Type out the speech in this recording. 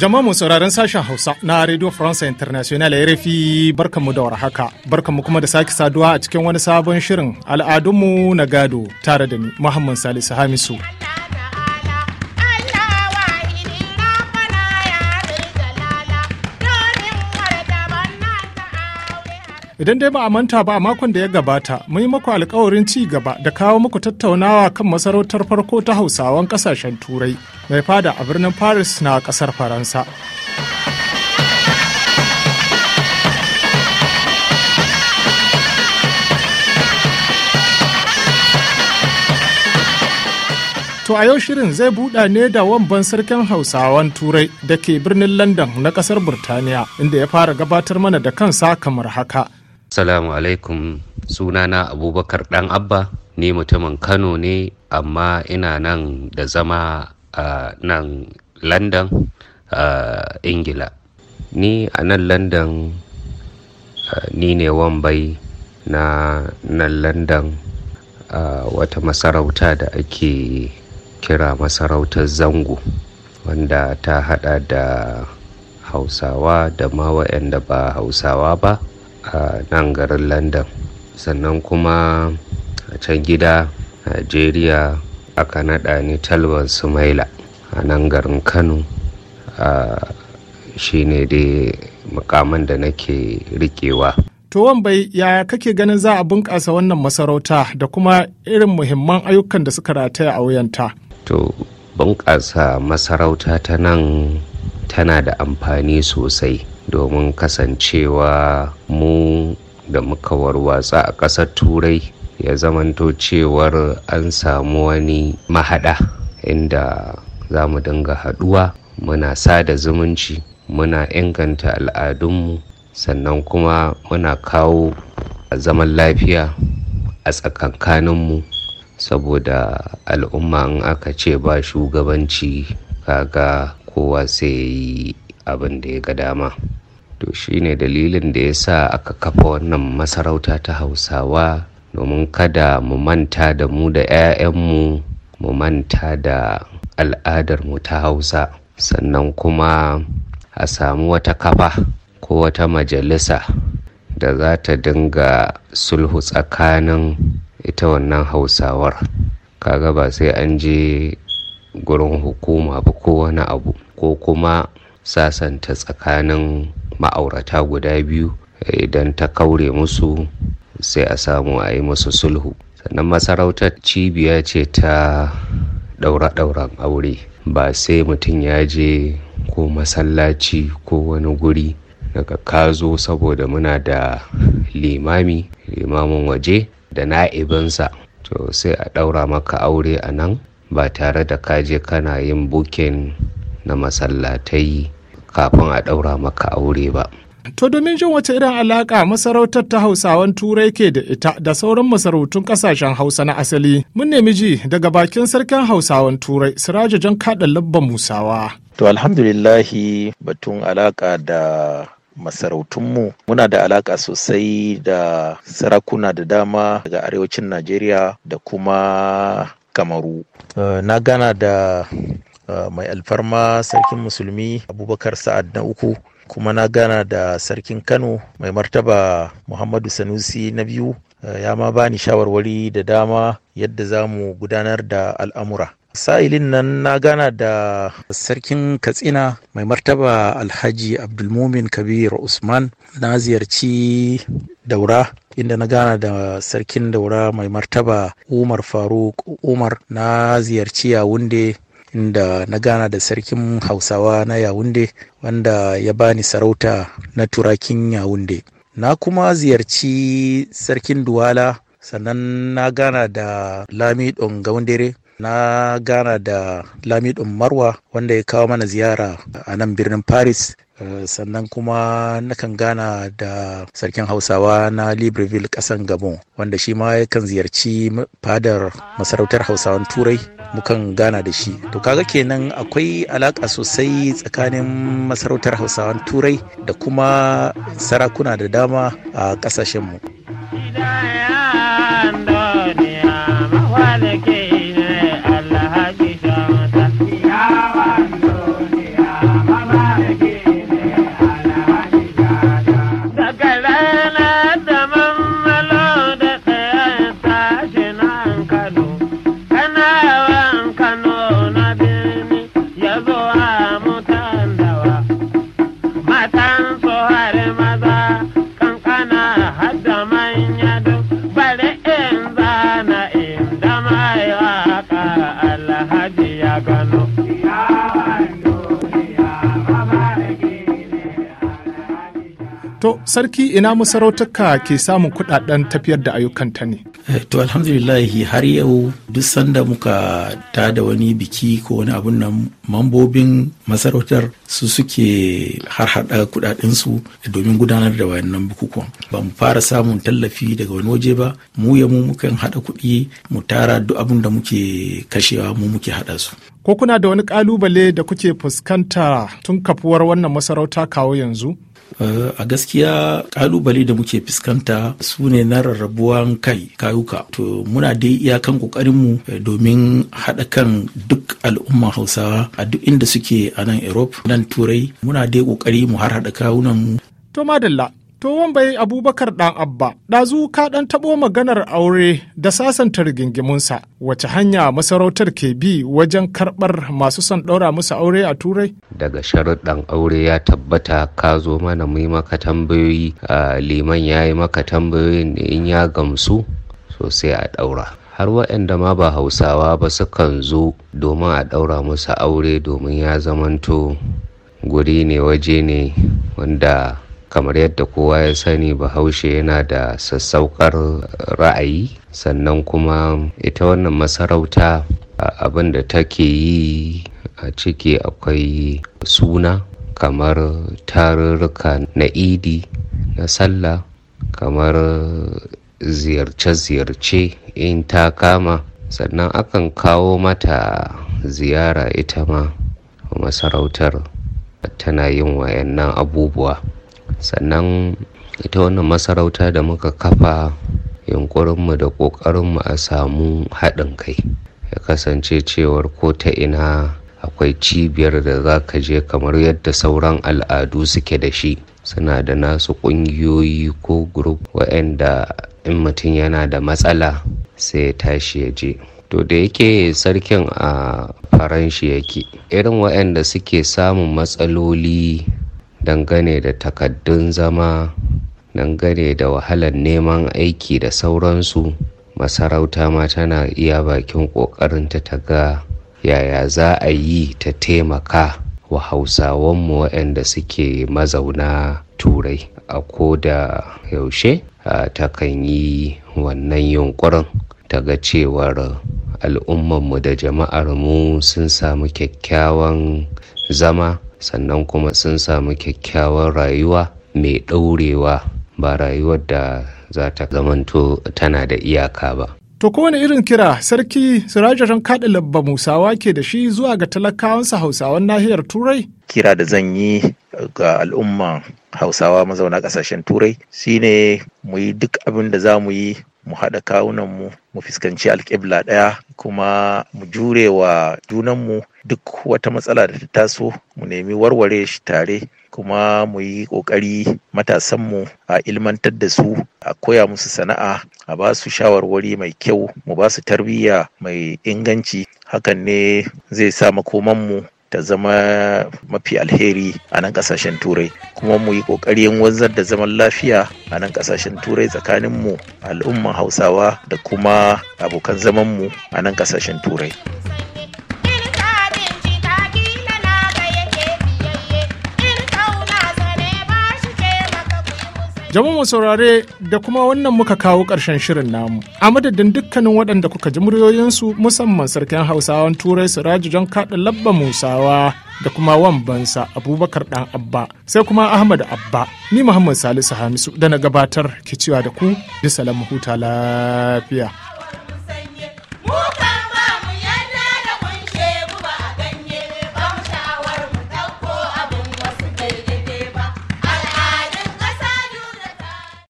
Jama'a mu sauraron sashen Hausa na Radio France International RFI barkanmu da warhaka. Barkanmu kuma da sake saduwa a cikin wani sabon shirin al'adunmu na gado tare da ni Muhammad Salisu Hamisu. Idan dai ba a manta ba a makon da ya gabata, mun yi muku alkawarin ci gaba da kawo muku tattaunawa kan masarautar farko ta Hausawan kasashen Turai mai fada a birnin Paris na kasar Faransa. To a yau shirin zai buɗa ne da wamban sarkin Hausawan Turai da ke birnin London na ƙasar Burtaniya inda ya fara gabatar mana da kansa kamar haka. Salamu alaikum sunana Abubakar Dan Abba ni mutumin Kano ne amma ina nan da zama a nan London a Ingila. Ni a nan London ni ne wambai na nan London wata masarauta da ake kira masarautar zango wanda ta hada da hausawa da ma waɗanda ba hausawa ba a nan garin london sannan kuma a can gida nigeria aka naɗa ni talban sumaila a nan garin kano shi ne dai mukamin da nake rikewa To bai yaya kake ganin za a bunƙasa wannan masarauta da kuma irin muhimman ayyukan da suka rataya a wuyanta. To bunƙasa masarauta ta nan tana da amfani sosai domin kasancewa mu da muka warwatsa a ƙasar turai ya zamanto cewar an samu wani mahaɗa inda za mu dinga haɗuwa muna sada zumunci muna inganta al'adunmu sannan kuma muna kawo zaman lafiya a tsakankaninmu saboda al'umma in aka ce ba shugabanci kaga kowa sai ya yi abin da ya ga dama to shi ne dalilin da ya sa aka kafa wannan masarauta ta hausawa domin kada mu manta da mu da 'ya'yanmu mu manta da al'adarmu ta hausa sannan kuma a samu wata kafa ko wata majalisa da za ta dinga sulhu tsakanin ita wannan hausawar kaga ba sai an je gurin hukuma ba ko wani abu ko kuma sasanta tsakanin ma'aurata guda biyu eh, idan ta kaure musu sai a samu a yi musu sulhu sannan masarautar cibiya ce ta ɗaura-ɗauran aure ba sai mutum ya je ko masallaci ko wani guri daga kazo saboda muna da limami limamin waje da na'ibinsa to sai a ɗaura maka aure a nan ba tare da ka je kana yin bukin na masallatai kafin a ɗaura maka aure ba. To domin jin wace irin alaƙa masarautar ta Hausawan Turai ke da ita da sauran masarautun ƙasashen Hausa na asali, mun nemi ji daga bakin sarkin Hausawan Turai Siraja Jan Kaɗan Labban Musawa. To alhamdulillahi batun alaƙa da masarautunmu muna da alaka sosai da sarakuna da dama daga arewacin najeriya da kuma kamaru uh, na gana da Ah, mai alfarma sarkin musulmi abubakar sa'ad na uku kuma na gana da sarkin kano mai martaba muhammadu sanusi na biyu ah, ya ma bani shawarwari da dama yadda za mu gudanar da al'amura sa'ilin nan na gana da sarkin katsina mai martaba alhaji abdulmumin kabir usman na ziyarci daura inda na gana da sarkin daura mai martaba umar faruk umar na ziyarci yawunde inda na gana da sarkin hausawa na yawunde wanda ya bani sarauta na turakin yawunde na kuma ziyarci sarkin duwala sannan na gana da lami ɗongawandere na gana da lamidin marwa wanda ya kawo mana ziyara a nan birnin paris eh, sannan kuma nakan gana da sarkin hausawa na libreville kasan gabon wanda shi ma yakan ziyarci fadar masarautar hausawan turai mukan gana da shi to kaga kenan akwai alaka sosai tsakanin masarautar hausawan turai da kuma sarakuna da dama a kasashenmu. mu To, sarki ina masarautarka ke samun kudaden tafiyar da ayyukanta ne? Eh, to, alhamdulillahi har yau duk sanda muka ta da wani biki ko wani abun nan mambobin masarautar su suke harhaɗa kudadensu domin gudanar da wayannan bukukuwan. Ba mu fara samun tallafi daga wani waje ba, mu ya mu mukan haɗa kuɗi mu tara duk abun da muke kashewa mu muke haɗa su. Ko kuna da wani kalubale da kuke fuskanta tun kafuwar wannan masarauta kawo yanzu? Eh, a gaskiya kalubale da muke fuskanta su ne na rarrabuwan kai kayuka to muna dai iyakan kokarinmu eh, domin haɗa kan duk al'umman hausawa a duk inda suke a nan europe nan turai muna dai kokari mu har haɗa kawunan mu to madalla To wambai Abubakar ɗan Abba, ɗazu ka ɗan taɓo maganar aure da sasanta rigingimunsa, wace hanya masarautar ke bi wajen karɓar masu son ɗaura musu aure a Turai? Daga sharuɗan aure ya tabbata ka zo mana mu maka tambayoyi, a liman ya yi maka tambayoyin in ya gamsu sosai a ɗaura. har waɗanda ma ba hausawa ba sukan zo domin a ɗaura musu aure domin ya zamanto guri ne waje ne wanda kamar yadda kowa ya sani bahaushe yana da sassaukar ra'ayi sannan kuma ita wannan masarauta abin da take yi a ciki akwai suna kamar tarurruka na idi na sallah kamar ziyarce-ziyarce in ta kama sannan akan kawo mata ziyara ita ma masarautar tana yin wayannan abubuwa sannan ita wannan masarauta da muka kafa yunkurinmu da ƙoƙarinmu a samu haɗin kai ya kasance cewar ko ta ina akwai cibiyar da za ka je kamar yadda sauran al'adu suke da shi suna da nasu ƙungiyoyi ko grup waɗanda in mutum yana da matsala sai ya tashi ya je to da yake sarkin a faranshi yake irin waɗanda suke samun matsaloli dangane da takaddun zama dangane da wahalar neman aiki da sauransu masarauta ma tana iya bakin ƙoƙarinta ta ga yaya za a yi ta taimaka wa hausawanmu waɗanda suke mazauna turai a ko da yaushe takan yi wannan yunkurin ta ga cewar al'ummanmu da jama'armu sun samu kyakkyawan zama sannan kuma sun samu kyakkyawar rayuwa mai ɗaurewa ba rayuwar da za ta zamanto tana da iyaka ba. To kowane irin kira sarki sirajaran kaɗa labba musawa ke da shi zuwa ga talakawansa hausawan nahiyar turai? Kira da zan yi ga al'umma hausawa mazauna ƙasashen turai shine mu yi duk abin da za mu yi mu haɗa kawunanmu mu fuskanci alƙibla ɗaya kuma mu jure wa junanmu duk wata matsala da ta taso mu nemi warware shi tare kuma mu yi ƙoƙari matasanmu a ilmantar da su a koya musu sana'a a ba su shawarwari mai kyau mu ba su tarbiyya mai inganci hakan ne zai sa makomanmu ta zama mafi alheri a nan kasashen turai kuma mu yi kokarin wanzar da zaman lafiya a nan kasashen turai tsakanin mu al'umman hausawa da kuma abokan zaman mu a nan kasashen turai Jama'a saurare da kuma wannan muka kawo ƙarshen shirin namu. A madadin dukkanin waɗanda kuka ji muryoyinsu musamman sarkin Hausawan Turai su raji don Kaɗa Labba Musawa da kuma Wambansa Abubakar Ɗan Abba sai kuma Ahmad Abba. Ni Muhammad Salisu Hamisu da na gabatar ke cewa da ku bisa lamu huta lafiya.